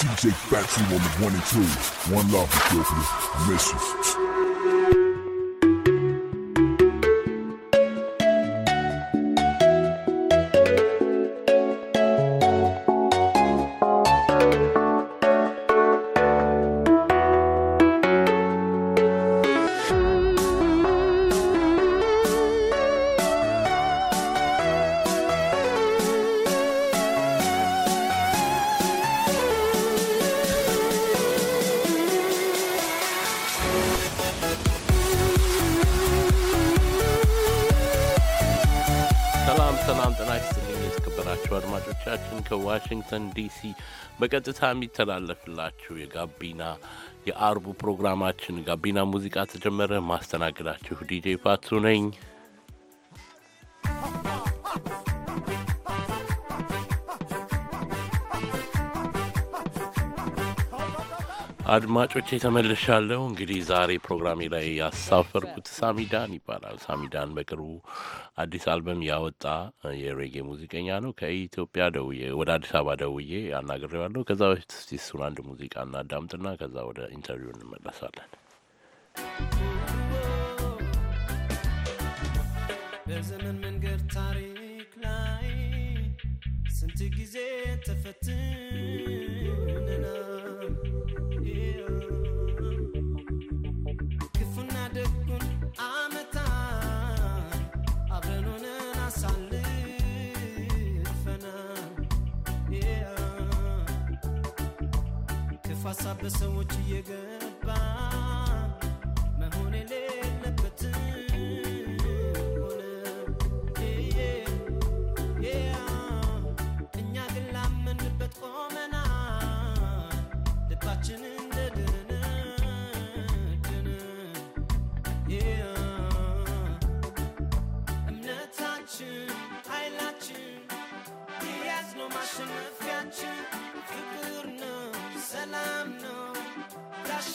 DJ Factory on the one and two. One love, Ethiopia. I miss you. ቴሌቪዥን ከዋሽንግተን ዲሲ በቀጥታ የሚተላለፍላችሁ የጋቢና የአርቡ ፕሮግራማችን ጋቢና ሙዚቃ ተጀመረ። ማስተናግዳችሁ ዲጄ ፋቱ ነኝ። አድማጮች ተመልሻለሁ። እንግዲህ ዛሬ ፕሮግራሜ ላይ ያሳፈርኩት ሳሚዳን ይባላል። ሳሚዳን በቅርቡ አዲስ አልበም ያወጣ የሬጌ ሙዚቀኛ ነው። ከኢትዮጵያ ደውዬ ወደ አዲስ አበባ ደውዬ አናግሬዋለሁ። ከዛ በፊት እስቲ እሱን አንድ ሙዚቃ እናዳምጥና ከዛ ወደ ኢንተርቪው እንመለሳለን። በዘመን መንገድ ታሪክ ላይ ስንት ጊዜ dança onde chegar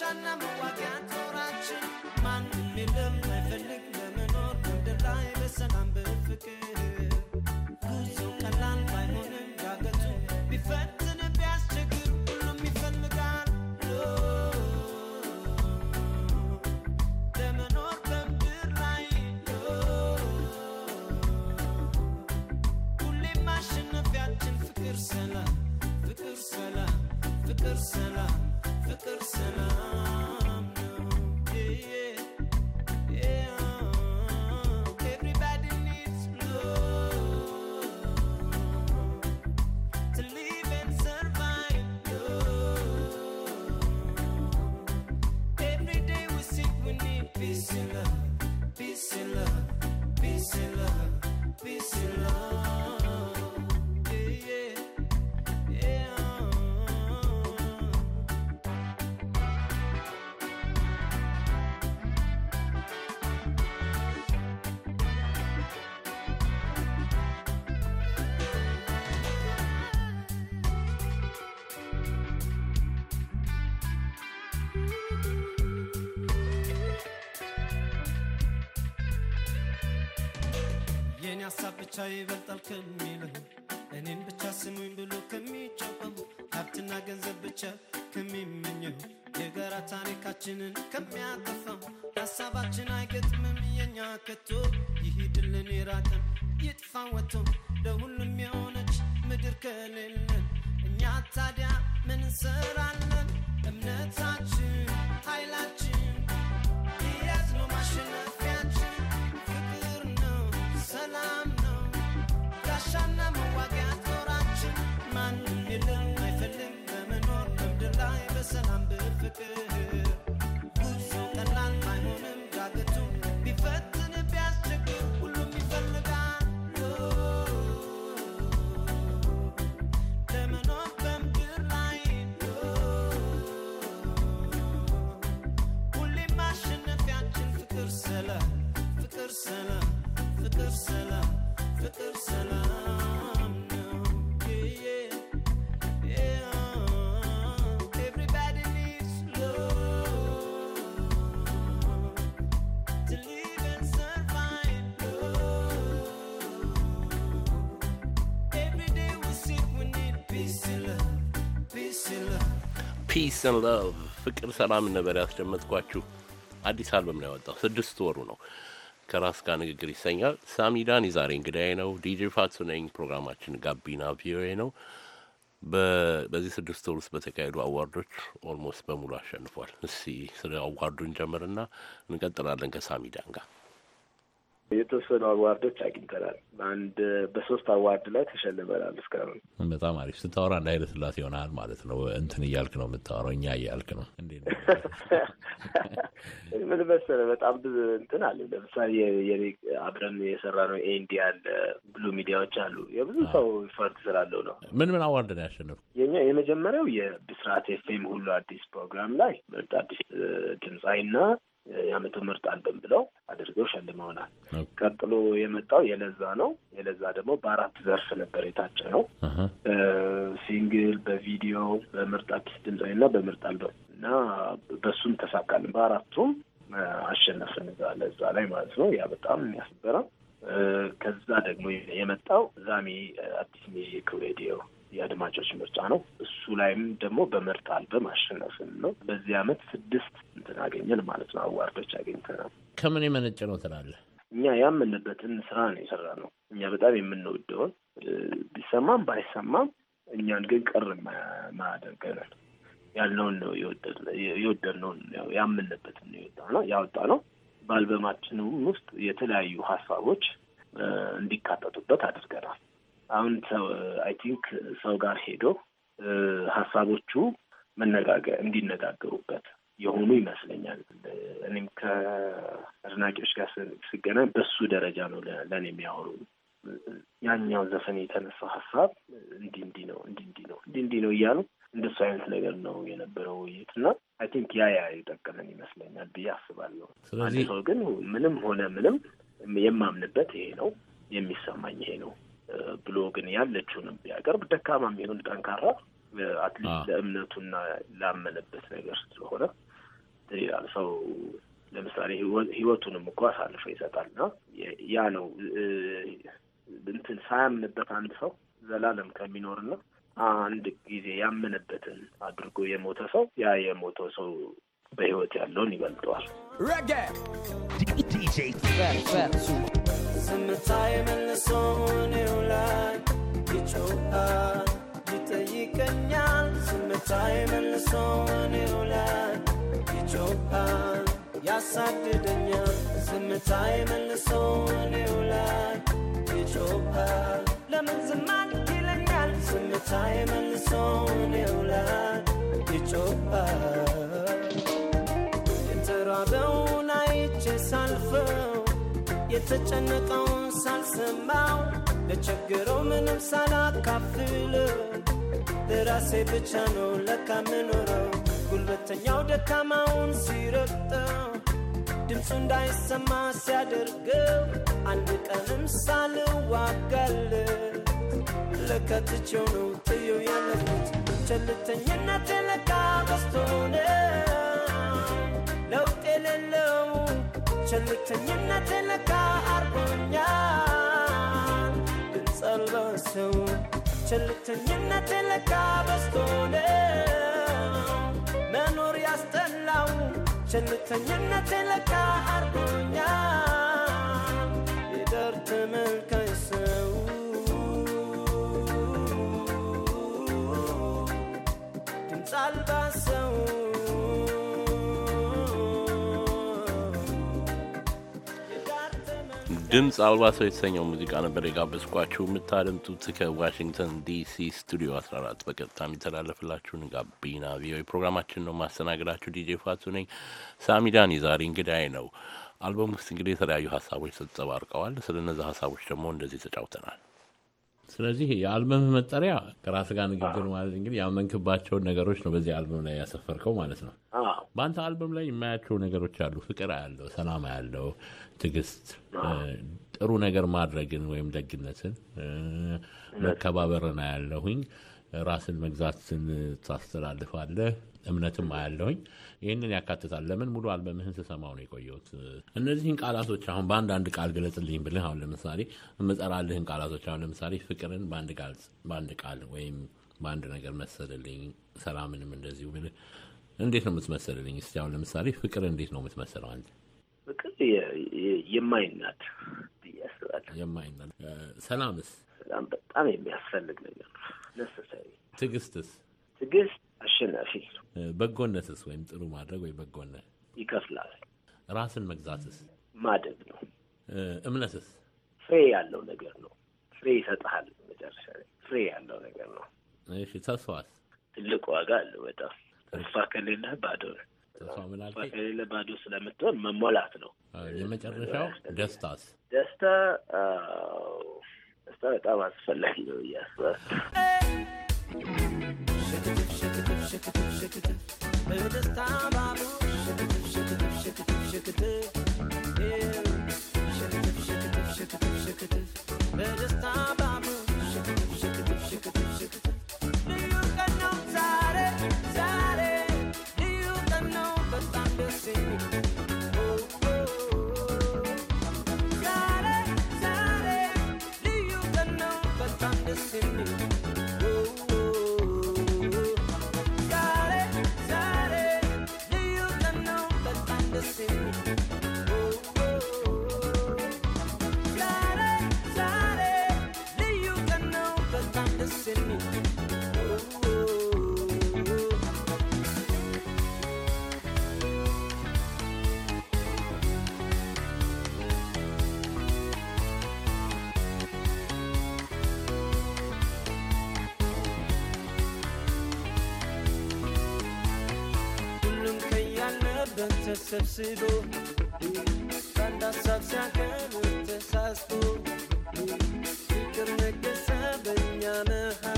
ውሻና መዋት ያንቶራችን ማንም የለም አይፈልግ ለመኖር መንደር ላይ በሰላም ቀላል ባይሆንም ዳገቱ ቢፈትን ቢያስቸግር ሁሉም ይፈልጋል ለመኖር በምድር ላይ ሁሌም I'm tercera. የኔ ሀሳብ ብቻ ይበልጣል ከሚለው እኔን ብቻ ስሙኝ ብሎ ከሚጨበቡ ሀብትና ገንዘብ ብቻ ከሚመኘው የጋራ ታሪካችንን ከሚያጠፋው ሀሳባችን አይገጥምም የኛ ከቶ ይሂድልን የራቀን ይጥፋ ወጥቶ ለሁሉም የሆነች ምድር ከሌለን እኛ ታዲያ ምን እንሰራለን? እምነታችን ኃይላችን Fıkır selam, fıkır selam, fıkır selam ክርስቲያን ላቭ ፍቅር ሰላም ነበር ያስደመጥኳችሁ። አዲስ አልበም ነው ያወጣው፣ ስድስት ወሩ ነው። ከራስ ጋር ንግግር ይሰኛል። ሳሚዳን የዛሬ እንግዳዬ ነው። ዲጄ ፋትሱ ነኝ። ፕሮግራማችን ጋቢና ቪኦኤ ነው። በዚህ ስድስት ወር ውስጥ በተካሄዱ አዋርዶች ኦልሞስት በሙሉ አሸንፏል። እስቲ ስለ አዋርዱ እንጀምርና እንቀጥላለን ከሳሚዳን ጋር የተወሰኑ አዋርዶች አግኝተናል። በአንድ በሶስት አዋርድ ላይ ተሸልመናል። እስካሁን በጣም አሪፍ ስታወራ እንደ ኃይለ ሥላሴ ይሆናል ማለት ነው። እንትን እያልክ ነው የምታወራው፣ እኛ እያልክ ነው። ምን መሰለህ በጣም ብዙ እንትን አለ። ለምሳሌ አብረን የሰራ ነው ኤንዲ አለ፣ ብሉ ሚዲያዎች አሉ። የብዙ ሰው ፈርት ስላለው ነው። ምን ምን አዋርድ ነው ያሸነፉ? የኛ የመጀመሪያው የብስራት ኤፍኤም ሁሉ አዲስ ፕሮግራም ላይ ምርጥ አዲስ ድምፃዊ እና የአመቱ ምርጥ አልበም ብለው አድርገው ሸልመውናል። ቀጥሎ የመጣው የለዛ ነው። የለዛ ደግሞ በአራት ዘርፍ ነበር የታጨ ነው፣ ሲንግል፣ በቪዲዮ፣ በምርጥ አርቲስት ድምፃዊ እና በምርጥ አልበም እና በሱም ተሳካልን። በአራቱም አሸነፍን ለዛ ላይ ማለት ነው። ያ በጣም የሚያስበራ ከዛ ደግሞ የመጣው ዛሚ አዲስ ሚዚክ ሬዲዮ የአድማጮች ምርጫ ነው። እሱ ላይም ደግሞ በምርጥ አልበም አሸነፍን ነው። በዚህ አመት ስድስት ያገኘን ማለት ነው። አዋርዶች አግኝተናል። ከምን የመነጭ ነው ትላለህ? እኛ ያምንበትን ስራ ነው የሰራ ነው። እኛ በጣም የምንወደውን ቢሰማም ባይሰማም እኛን ግን ቅር ማያደርገናል ያልነውን ነው የወደድነውን ያምንበትን ነው የወጣ ነው ያወጣ ነው። በአልበማችንም ውስጥ የተለያዩ ሀሳቦች እንዲካተቱበት አድርገናል። አሁን ሰው አይ ቲንክ ሰው ጋር ሄዶ ሀሳቦቹ መነጋገር እንዲነጋገሩበት የሆኑ ይመስለኛል። እኔም ከአድናቂዎች ጋር ስገናኝ በሱ ደረጃ ነው ለእኔ የሚያወሩ ያኛው ዘፈን የተነሳው ሀሳብ እንዲ እንዲ ነው እንዲ እንዲ ነው እንዲ እንዲ ነው እያሉ እንደሱ አይነት ነገር ነው የነበረው ውይይት እና አይ ቲንክ ያ ያ የጠቀመን ይመስለኛል ብዬ አስባለሁ። አንድ ሰው ግን ምንም ሆነ ምንም የማምንበት ይሄ ነው የሚሰማኝ ይሄ ነው ብሎ ግን ያለችውንም ቢያቀርብ ደካማ የሚሆን ጠንካራ አትሊስት ለእምነቱና ላመነበት ነገር ስለሆነ ይላል ሰው ለምሳሌ ህይወቱንም እኮ አሳልፎ ይሰጣል ነው ያ ነው እንትን ሳያምንበት አንድ ሰው ዘላለም ከሚኖር ነው አንድ ጊዜ ያመነበትን አድርጎ የሞተ ሰው ያ የሞተ ሰው በህይወት ያለውን ይበልጠዋል። ስምታይ መልሶን ይውላል፣ ይጮሃል፣ ይጠይቀኛል። ስምታይ መልሶን ይውላል ይውጣል ያሳድደኛል ለምን ይለኛል ሳልፈው የተጨነቀውን ሳልሰማው ለችግረው ምንም ሳላካፍል ለራሴ ብቻ ነው ለካ ምኖረው ጉልበተኛው ደካማውን ሲረግጠው ድምፁ እንዳይሰማ ሲያደርገው አንድ ቀንም ሳልዋጋል ለከትቸው ነው ትዩ ያለፉት ቸልተኝነት ለካ በስቶነ ለውጥ የሌለው ቸልተኝነት ለካ አርጎኛል ድምፅ አልባ ቸልተኝነት ለካ በስቶነ ያስጠላው ቸልተኝነት ለካ አርጎኛ ድምፅ አልባ ሰው የተሰኘው ሙዚቃ ነበር የጋበዝኳችሁ። የምታደምጡት ከዋሽንግተን ዲሲ ስቱዲዮ 14 በቀጥታ የሚተላለፍላችሁን ጋቢና ቪኦኤ ፕሮግራማችን ነው። ማስተናገዳችሁ ዲጄ ፋቱ ነኝ። ሳሚዳን የዛሬ እንግዳይ ነው። አልበም ውስጥ እንግዲህ የተለያዩ ሀሳቦች ተንጸባርቀዋል። ስለ እነዚያ ሀሳቦች ደግሞ እንደዚህ ተጫውተናል። ስለዚህ የአልበምህ መጠሪያ ከራስ ጋር ንግግር ማለት እንግዲህ ያመንክባቸውን ነገሮች ነው በዚህ አልበም ላይ ያሰፈርከው ማለት ነው። በአንተ አልበም ላይ የማያቸው ነገሮች አሉ። ፍቅር ያለው፣ ሰላም ያለው ትዕግስት፣ ጥሩ ነገር ማድረግን ወይም ደግነትን፣ መከባበርን አያለሁኝ። ራስን መግዛትን ታስተላልፋለህ። እምነትም አያለሁኝ። ይህንን ያካትታል። ለምን ሙሉ አልበምህን ስሰማው ነው የቆየሁት። እነዚህን ቃላቶች አሁን በአንድ አንድ ቃል ግለጽልኝ ብልህ አሁን ለምሳሌ የምጠራልህን ቃላቶች አሁን ለምሳሌ ፍቅርን በአንድ ቃል በአንድ ቃል ወይም በአንድ ነገር መሰልልኝ፣ ሰላምንም እንደዚሁ ብልህ እንዴት ነው የምትመሰልልኝ? እስቲ አሁን ለምሳሌ ፍቅር እንዴት ነው የምትመስለው አንተ? ፍቅር የማይናድ ብዬ አስባለሁ። የማይናድ ሰላምስ ሰላም በጣም የሚያስፈልግ ነገር ነሰሰሪ። ትዕግስትስ ትዕግስት አሸናፊ። በጎነትስ ወይም ጥሩ ማድረግ ወይ በጎነት ይከፍላል። ራስን መግዛትስ ማደግ ነው። እምነትስ ፍሬ ያለው ነገር ነው። ፍሬ ይሰጥሃል። መጨረሻ ላይ ፍሬ ያለው ነገር ነው። እሺ ተስፋስ ትልቅ ዋጋ አለው። በጣም ተስፋ ከሌለህ ባዶ ነው። ተስፋ ምናልከ ከሌለ ባዶ ስለምትሆን መሞላት ነው የመጨረሻው። ደስታስ ደስታ ደስታ በጣም አስፈላጊ ነው እያስባል the Sabe, minha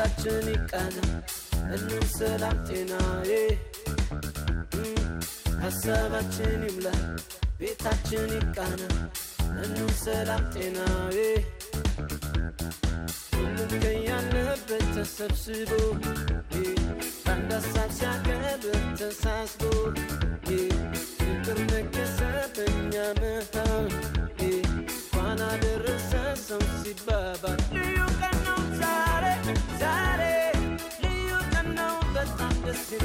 ነፍሳችን ይቃና እንም ሰላም ጤናዬ ሀሳባችን ይምላ ቤታችን ይቃና እንም ሰላም ጤናዬ ሁሉም ከያለበት ተሰብስቦ አንድ ሀሳብ ሲያቀርብ ተሳስቦ ፍቅር ነገሰ በእኛ መሃል እንኳን አደረሰ ሰው ሲባባል This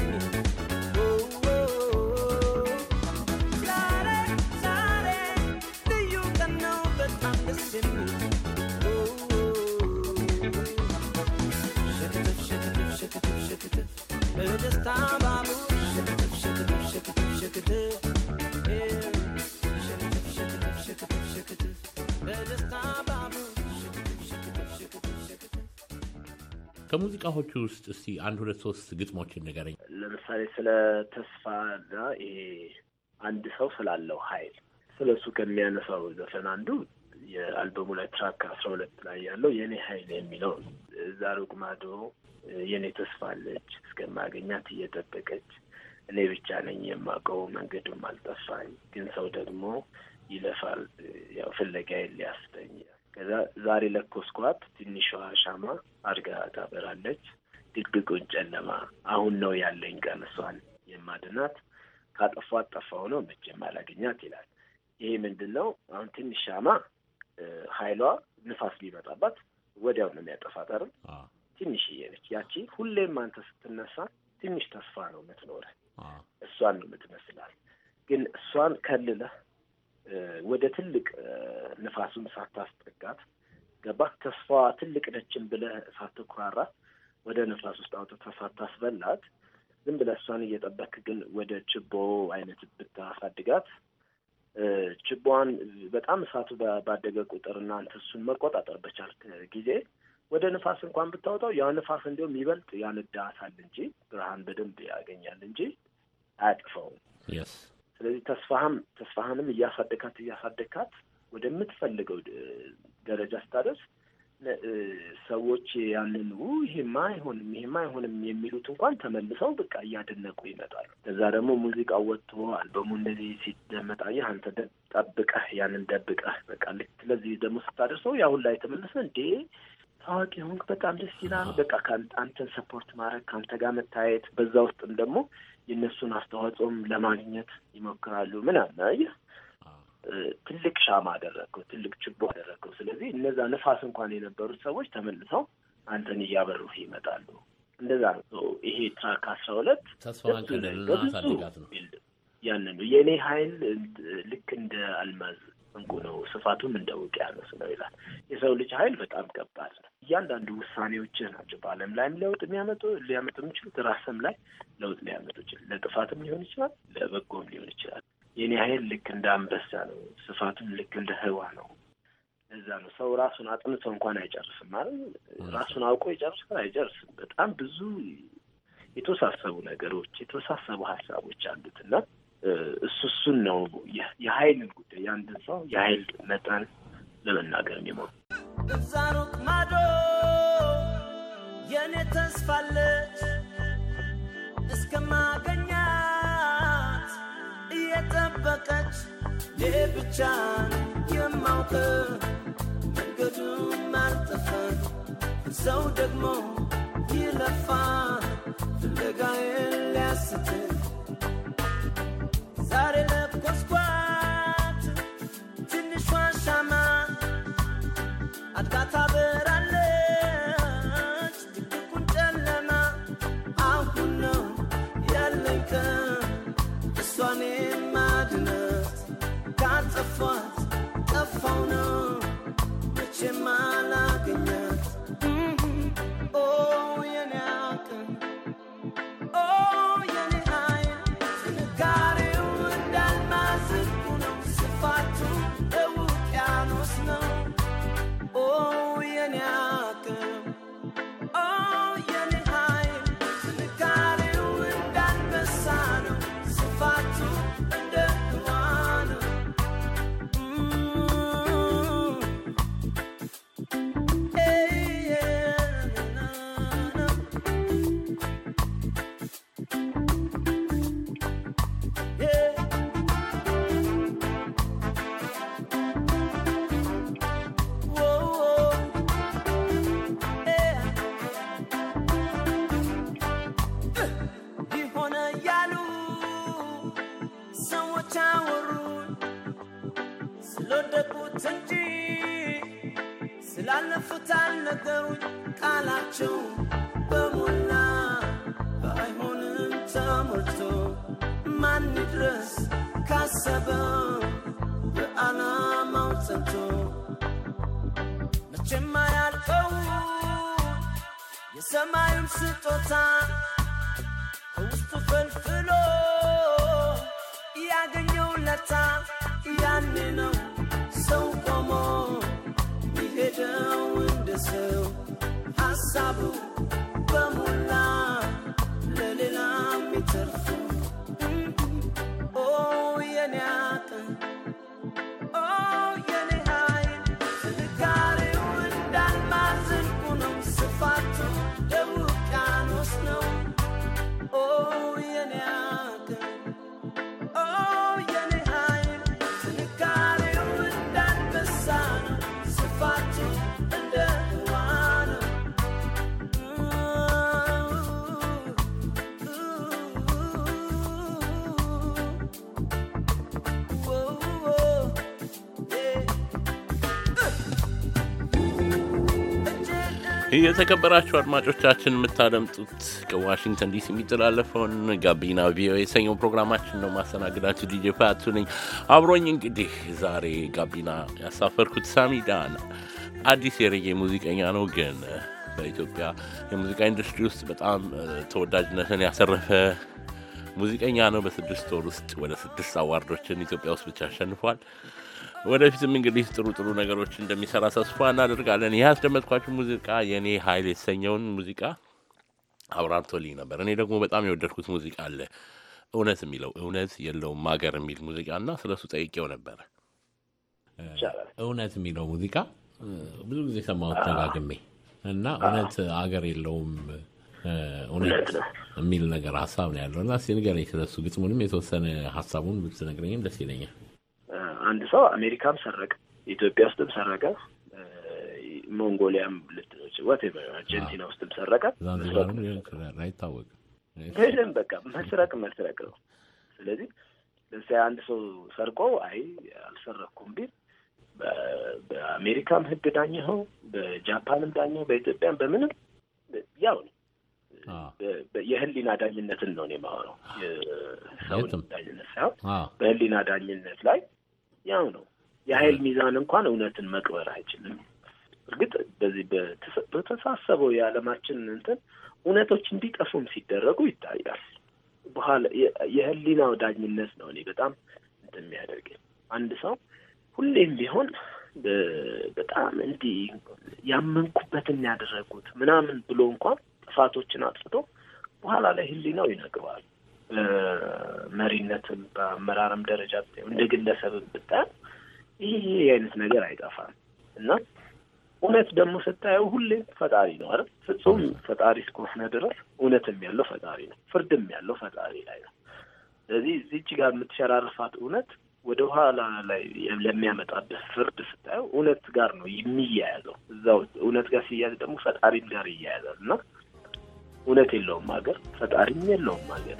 time I ከሙዚቃዎቹ ውስጥ እስቲ አንድ ሁለት ሶስት ግጥሞችን ንገረኝ። ለምሳሌ ስለ ተስፋና ይሄ አንድ ሰው ስላለው ኃይል ስለ እሱ ከሚያነሳው ዘፈን አንዱ የአልበሙ ላይ ትራክ አስራ ሁለት ላይ ያለው የእኔ ኃይል የሚለው እዛ ሩቅ ማዶ የእኔ ተስፋ አለች እስከማገኛት እየጠበቀች እኔ ብቻ ነኝ የማውቀው መንገዱም አልጠፋኝ፣ ግን ሰው ደግሞ ይለፋል ያው ፍለጋ ሊያስተኝ ከዛ ዛሬ ለኮስኳት ትንሿ ሻማ አድጋ ታበራለች። ድቅድቁን ጨለማ አሁን ነው ያለኝ ቀን የማድናት ካጠፏ ጠፋው ነው መቼም አላገኛት ይላል። ይሄ ምንድን ነው? አሁን ትንሽ ሻማ ኃይሏ ንፋስ ቢመጣባት ወዲያው ነው የሚያጠፋት አይደል? ትንሽዬ ነች ያቺ። ሁሌም አንተ ስትነሳ ትንሽ ተስፋ ነው የምትኖረ፣ እሷን ነው የምትመስላል። ግን እሷን ከልለህ ወደ ትልቅ ንፋሱን ሳታስጠጋት ገባ ተስፋ ትልቅ ነችን ብለህ ሳትኩራራ ወደ ንፋስ ውስጥ አውጥታ ሳታስበላት ዝም ብለህ እሷን እየጠበክ ግን ወደ ችቦ አይነት ብታሳድጋት ችቦዋን በጣም እሳቱ ባደገ ቁጥር እና አንተ እሱን መቆጣጠር በቻልክ ጊዜ ወደ ንፋስ እንኳን ብታወጣው ያ ንፋስ እንዲሁም ይበልጥ ያነዳታል እንጂ ብርሃን በደንብ ያገኛል እንጂ አያጥፈውም። ስለዚህ ተስፋህም ተስፋህንም እያሳደካት እያሳደካት ወደምትፈልገው ደረጃ ስታደርስ ሰዎች ያንን ይሄማ አይሆንም ይሄማ አይሆንም የሚሉት እንኳን ተመልሰው በቃ እያደነቁ ይመጣሉ። ከዛ ደግሞ ሙዚቃ ወጥቶ አልበሙ እንደዚህ ሲደመጣ ይህ አንተ ጠብቀህ ያንን ደብቀህ በቃ ልክ ስለዚህ ደግሞ ስታደርሰው ያሁን ላይ ተመልሰ እንዴ ታዋቂ ሆንክ፣ በጣም ደስ ይላል። በቃ አንተን ሰፖርት ማድረግ ከአንተ ጋር መታየት፣ በዛ ውስጥም ደግሞ የእነሱን አስተዋጽኦም ለማግኘት ይሞክራሉ ምናምን። አየህ ትልቅ ሻማ አደረግከው፣ ትልቅ ችቦ አደረግከው። ስለዚህ እነዛ ነፋስ እንኳን የነበሩት ሰዎች ተመልሰው አንተን እያበሩ ይመጣሉ። እንደዛ ነው ይሄ ትራክ አስራ ሁለት ተስፋ ያንን የእኔ ሀይል ልክ እንደ አልማዝ እንቁ ነው፣ ስፋቱም እንደ ውቅያኖስ ነው ይላል። የሰው ልጅ ኃይል በጣም ከባድ ነው። እያንዳንዱ ውሳኔዎች ናቸው በዓለም ላይም ለውጥ የሚያመጡ ሊያመጡ የሚችሉት ራስም ላይ ለውጥ ሊያመጡ ይችላል። ለጥፋትም ሊሆን ይችላል፣ ለበጎም ሊሆን ይችላል። የኔ ኃይል ልክ እንደ አንበሳ ነው፣ ስፋቱም ልክ እንደ ህዋ ነው። እዛ ነው ሰው ራሱን አጥንቶ እንኳን አይጨርስም ማለት ራሱን አውቆ ይጨርሳል አይጨርስም። በጣም ብዙ የተወሳሰቡ ነገሮች የተወሳሰቡ ሀሳቦች አሉት እና እሱ እሱን ነው የኃይልን ጉዳይ የአንድን ሰው የኃይል መጠን ለመናገር የሚሞሩ እዛ ሩቅ ማዶ የእኔ ተስፋለች እስከማገኛት እየጠበቀች ብቻ የማውቅ መንገዱ ማልጥፈን ሰው ደግሞ ይለፋ ፍለጋዬን ሊያስትን ዛሬ ለኮስኳት ትንሿን ሻማ አድጋ ታበራለች ድቅቁን ጨለማ። አሁን ነው ያለኝ እሷን የማድነት ካጠፏት ጠፋው ነው መቼማ Kenya. ሰማዩን ስጦታ ውስጡ ፈልፍሎ ያገኘው ለታ ያኔ ነው ሰው ቆሞ ቢሄደው እንደ ሰው ሐሳቡ በሞላ ለሌላ ሚተርፉ! ኦ የኔ አቅም የተከበራችሁ አድማጮቻችን የምታደምጡት ከዋሽንግተን ዲሲ የሚተላለፈውን ጋቢና ቪኦኤ የሰኞው ፕሮግራማችን ነው። ማስተናግዳችሁ ዲጄ ፋቱ ነኝ። አብሮኝ እንግዲህ ዛሬ ጋቢና ያሳፈርኩት ሳሚዳን አዲስ የሬጌ ሙዚቀኛ ነው ግን በኢትዮጵያ የሙዚቃ ኢንዱስትሪ ውስጥ በጣም ተወዳጅነትን ያሰረፈ ሙዚቀኛ ነው። በስድስት ወር ውስጥ ወደ ስድስት አዋርዶችን ኢትዮጵያ ውስጥ ብቻ አሸንፏል። ወደፊትም እንግዲህ ጥሩ ጥሩ ነገሮች እንደሚሰራ ተስፋ እናደርጋለን። ይህ አስደመጥኳችሁ ሙዚቃ የእኔ ኃይል የተሰኘውን ሙዚቃ አብራርቶልኝ ነበር። እኔ ደግሞ በጣም የወደድኩት ሙዚቃ አለ እውነት የሚለው እውነት የለውም ሀገር የሚል ሙዚቃ እና ስለሱ ጠይቄው ነበረ። እውነት የሚለው ሙዚቃ ብዙ ጊዜ ሰማሁት ተጋግሜ እና እውነት አገር የለውም እውነት የሚል ነገር ሀሳብ ነው ያለው እና እስኪ ስለሱ ግጥሙንም የተወሰነ ሀሳቡን ብትነግረኝም ደስ ይለኛል። አንድ ሰው አሜሪካም ሰረቀ፣ ኢትዮጵያ ውስጥም ሰረቀ፣ ሞንጎሊያም ልትች ወቴቨር አርጀንቲና ውስጥም ሰረቀ። አይታወቅም በቃ መስረቅ መስረቅ ነው። ስለዚህ ለምሳሌ አንድ ሰው ሰርቆ አይ አልሰረኩም ቢል በአሜሪካም ህግ ዳኘኸው፣ በጃፓንም ዳኘኸው፣ በኢትዮጵያም በምንም ያው ነው። የህሊና ዳኝነትን ነው እኔ የማወራው፣ ሰውን ዳኝነት ሳይሆን በህሊና ዳኝነት ላይ ያው ነው። የኃይል ሚዛን እንኳን እውነትን መቅበር አይችልም። እርግጥ በዚህ በተሳሰበው የዓለማችን እንትን እውነቶች እንዲጠፉም ሲደረጉ ይታያል። በኋላ የህሊናው ዳኝነት ነው እኔ በጣም እንትን የሚያደርገኝ አንድ ሰው ሁሌም ቢሆን በጣም እንዲህ ያመንኩበትን ያደረጉት ምናምን ብሎ እንኳን ጥፋቶችን አጥፍቶ በኋላ ላይ ህሊናው ይነግረዋል። በመሪነትም በአመራርም ደረጃ እንደ ግለሰብ ብታየው ይህ ይህ አይነት ነገር አይጠፋም እና እውነት ደግሞ ስታየው ሁሌም ፈጣሪ ነው አይደል? ፍጹም ፈጣሪ እስከሆነ ድረስ እውነትም ያለው ፈጣሪ ነው፣ ፍርድም ያለው ፈጣሪ ላይ ነው። ስለዚህ እዚች ጋር የምትሸራርፋት እውነት ወደ ኋላ ላይ ለሚያመጣበት ፍርድ ስታየው እውነት ጋር ነው የሚያያዘው። እዛው እውነት ጋር ሲያያዝ ደግሞ ፈጣሪም ጋር ይያያዛል እና እውነት የለውም ሀገር፣ ፈጣሪም የለውም ሀገር።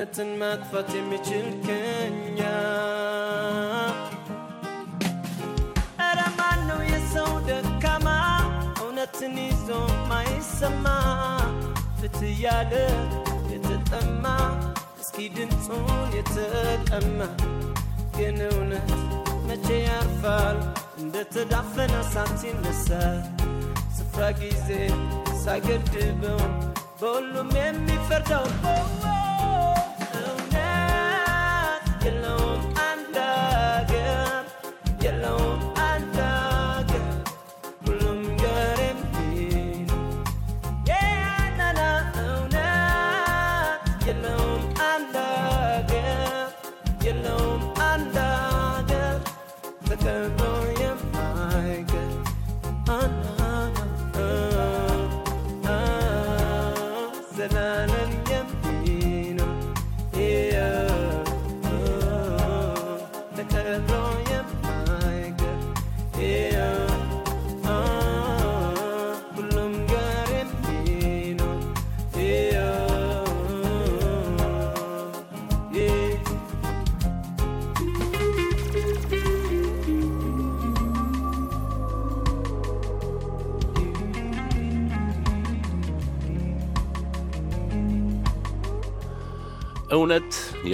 ድህነትን ማጥፋት የሚችል ከኛ እረ ማን ነው የሰው ደካማ እውነትን ይዞ ማይሰማ ፍትህ ያለ የተጠማ እስኪ ድምፁን የተቀማ ግን እውነት መቼ ያርፋል እንደተዳፈነ ሳት ሲነሳል ስፍራ ጊዜ ሳይገድበው በሁሉም የሚፈርደው na na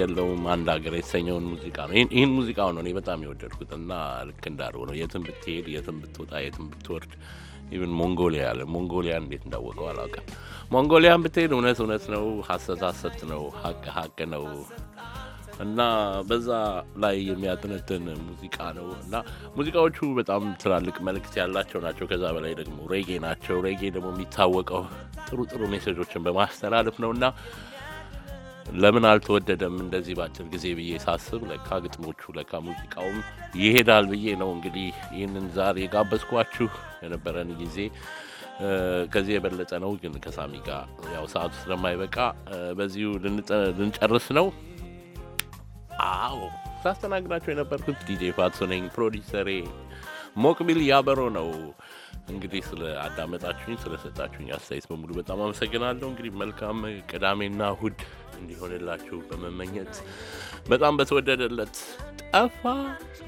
የለውም አንድ ሀገር የተሰኘውን ሙዚቃ ነው። ይህን ሙዚቃው ነው እኔ በጣም የወደድኩት እና ልክ እንዳልሆ ነው። የትም ብትሄድ፣ የትም ብትወጣ፣ የትም ብትወርድ ኢቨን ሞንጎሊያ አለ። ሞንጎሊያ እንዴት እንዳወቀው አላውቅም። ሞንጎሊያን ብትሄድ እውነት እውነት ነው፣ ሀሰት ሀሰት ነው፣ ሀቅ ሀቅ ነው እና በዛ ላይ የሚያጠነጥን ሙዚቃ ነው እና ሙዚቃዎቹ በጣም ትላልቅ መልእክት ያላቸው ናቸው። ከዛ በላይ ደግሞ ሬጌ ናቸው። ሬጌ ደግሞ የሚታወቀው ጥሩ ጥሩ ሜሴጆችን በማስተላለፍ ነው እና ለምን አልተወደደም እንደዚህ በአጭር ጊዜ ብዬ ሳስብ ለካ ግጥሞቹ ለካ ሙዚቃውም ይሄዳል ብዬ ነው። እንግዲህ ይህንን ዛሬ የጋበዝኳችሁ የነበረን ጊዜ ከዚህ የበለጠ ነው፣ ግን ከሳሚ ጋር ያው ሰዓቱ ስለማይበቃ በዚሁ ልንጨርስ ነው። አዎ ሳስተናግዳቸው የነበርኩት ዲጄ ፋትሶ ነኝ። ፕሮዲሰሬ ሞቅቢል ያበሮ ነው። እንግዲህ ስለ አዳመጣችሁኝ ስለሰጣችሁኝ አስተያየት በሙሉ በጣም አመሰግናለሁ። እንግዲህ መልካም ቅዳሜና እሁድ እንዲሆንላችሁ በመመኘት በጣም በተወደደለት ጠፋ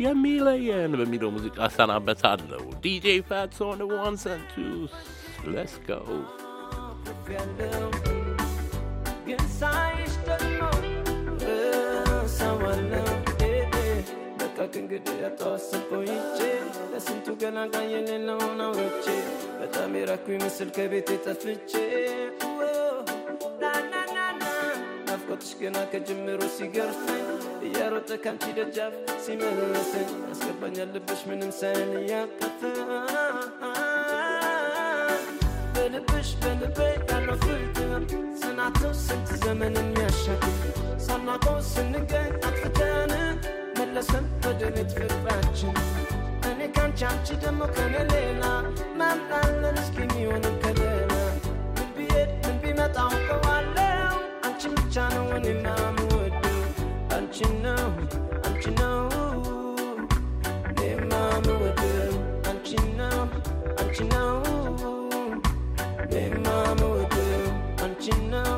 የሚለየን በሚለው ሙዚቃ እሰናበታለሁ። ዲጄ ፋትስ ኦን ዋን ሰንቱ ጎ እንግዲህ ለስንቱ ገላጋየሌለውን አውርቼ በጣም የራኩ ምስል ከቤት ጠፍቼ ፎቶች ገና ከጅምሮ ሲገርፈኝ እያሮጠ ካንቺ ደጃፍ ሲመለሰኝ አስገባኝ ያለብሽ ምንም ሳይን እያቀፈ በልብሽ በልቤ ያለው ፍቅር ጽናቱ ስንት ዘመንን ያሻግር ሳናውቀው ስንገኝ አጥፍተን መለሰን ወደ ቤት ፍቅራችን እኔ ካንቺ አንቺ ደግሞ ከኔ ሌላ ማምጣለን እስኪ የሚሆንም ከሌላ ምን ብሄድ Tryna win it, mama would do. Don't you know? Don't you know? Dear mama would do. Don't you Don't you know? Don't you know?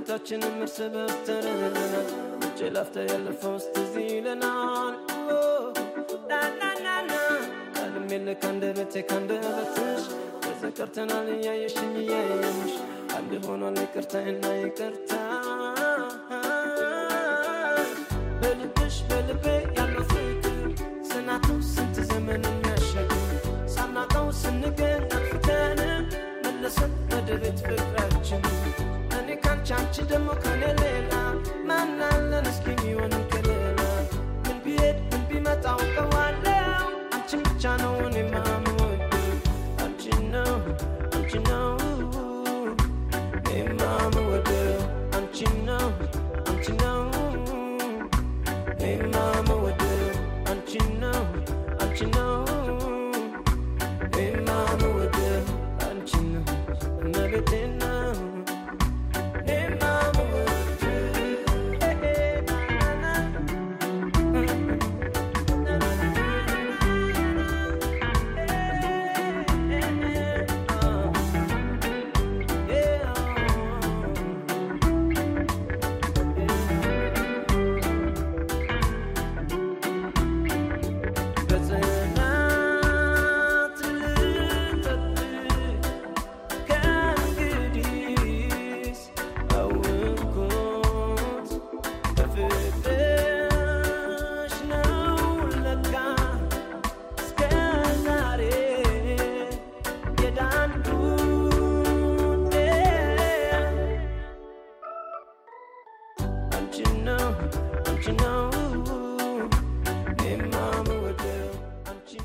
ሁለታችንም እርስ በርስ ተረድተናል። መቼ ላፍታ ያለፈው ትዝ ይለናል። ናናናና ቃልም የለ ካንደበቴ ካንደበትሽ ተዘቀርተናል እያየሽኝ እያየሽ አንድ ሆኗል ይቅርታ እና ይቅርታ በልብሽ በልቤ ያለው ፍቅር ስናቱ ስንት ዘመን የሚያሸግ ሳናቀው ስንገን አጥፍተን መለሰን ወደ ቤት ፍቅራችን ሆነች አንቺ ደግሞ ከኔ ሌላ ማናለን እስኪ የሚሆንን ከሌላ ምን ቢሄድ ምን ቢመጣ አውቀዋለሁ አንቺን ብቻ ነው እኔ ማምወድ አንቺ ነው አንቺ ነው ማምወድ አንቺ ነው